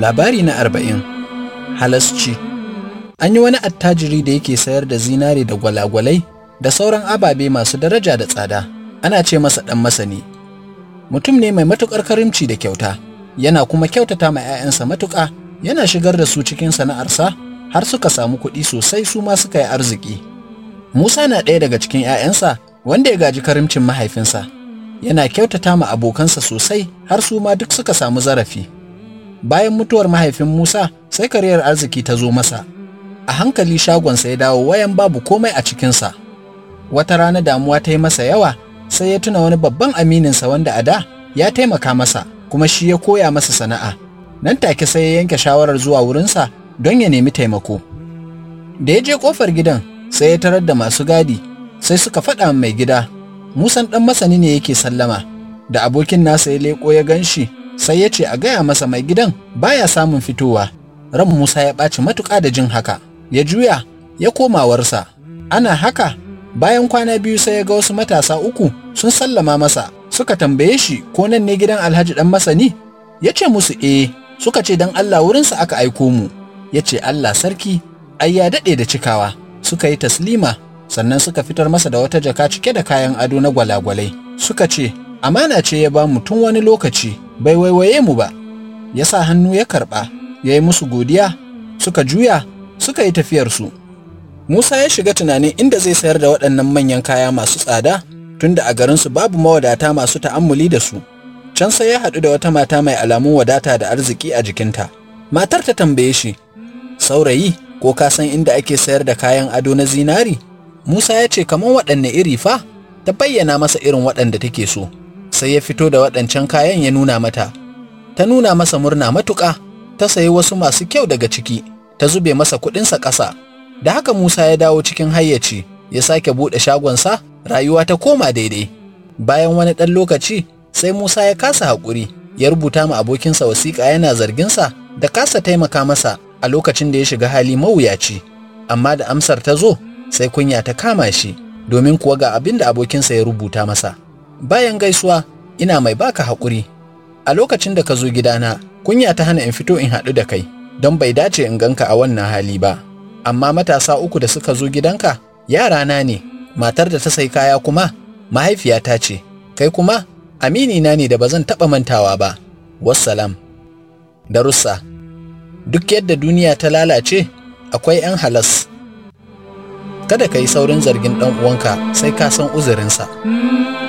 Labari na arba'in Halasci An yi wani attajiri da yake sayar da zinare da gwalagwalai da sauran ababe masu daraja da tsada, ana ce masa ɗan masani. Mutum ne mai matuƙar karimci da kyauta, yana kuma kyautata ma 'ya'yansa matuƙa, yana shigar da su cikin sana'arsa har suka samu kuɗi sosai su ma suka yi arziki. Musa na ɗaya daga cikin 'ya'yansa wanda ya gaji karimcin mahaifinsa, yana kyautata ma abokansa sosai har su ma duk suka samu zarafi. Bayan mutuwar mahaifin Musa, sai kariyar arziki ta zo masa. A hankali shagonsa ya dawo wayan babu komai a cikinsa. Wata rana damuwa ta yi masa yawa, sai ya tuna wani babban amininsa wanda a da ya taimaka masa, kuma shi ya koya masa sana'a. Nan take sai ya yanke shawarar zuwa wurinsa don ya nemi taimako. Da ya je kofar gidan, sai ya tarar da masu gadi, sai suka faɗa mai gida. Musan ɗan masani ne yake sallama, da abokin nasa ya leƙo ya gan shi sai ya ce a gaya masa mai gidan baya samun fitowa ran musa ya ɓaci matuƙa da jin haka ya juya ya komawarsa ana haka bayan kwana biyu sai ya ga wasu matasa uku sun sallama masa suka tambaye shi ko nan ne gidan alhaji dan masani ya ce musu eh suka ce dan allah wurinsa aka aiko mu ya ce allah sarki ai ya daɗe da cikawa suka yi taslima sannan suka fitar masa da wata jaka cike da kayan ado na gwalagwalai suka ce amana ce ya ba mu tun wani lokaci bai waiwaye mu ba ya sa hannu ya karɓa ya yi musu godiya suka juya suka yi tafiyarsu musa ya shiga tunanin inda zai sayar da waɗannan manyan kaya masu tsada tunda a garinsu babu mawadata masu ta'ammuli da su can sai ya haɗu da wata mata mai alamun wadata da arziki a jikinta matar ta tambaye shi saurayi ko ka san inda ake sayar da kayan ado na zinari musa ya ce kamar waɗanne iri fa ta bayyana masa irin waɗanda take so sai ya fito da waɗancan kayan ya nuna mata ta nuna masa murna matuƙa ta sayi wasu masu kyau daga ciki ta zube masa kuɗinsa ƙasa da haka musa ya dawo cikin hayyaci ya sake buɗe shagonsa rayuwa ta koma daidai bayan wani ɗan lokaci sai musa ya kasa haƙuri ya rubuta ma abokinsa wasiƙa yana zarginsa da kasa taimaka masa a lokacin da ya shiga hali mawuyaci amma da amsar ta zo sai kunya ta kama shi domin kuwa ga abin da abokinsa ya rubuta masa Bayan gaisuwa, ina mai baka haƙuri. A lokacin da ka zo gidana, kunya ta hana in fito in haɗu da kai, don bai dace in ganka a wannan hali ba. Amma matasa uku da suka zo gidanka, yara na ne, matar da ta sai kaya kuma, mahaifiyata ce, kai kuma, amini na ne da ba zan taɓa mantawa ba. Wassalam. Darussa. Duk yadda duniya ta lalace, akwai 'yan halas. Kada ka yi saurin zargin ɗan uwanka sai ka san uzurinsa.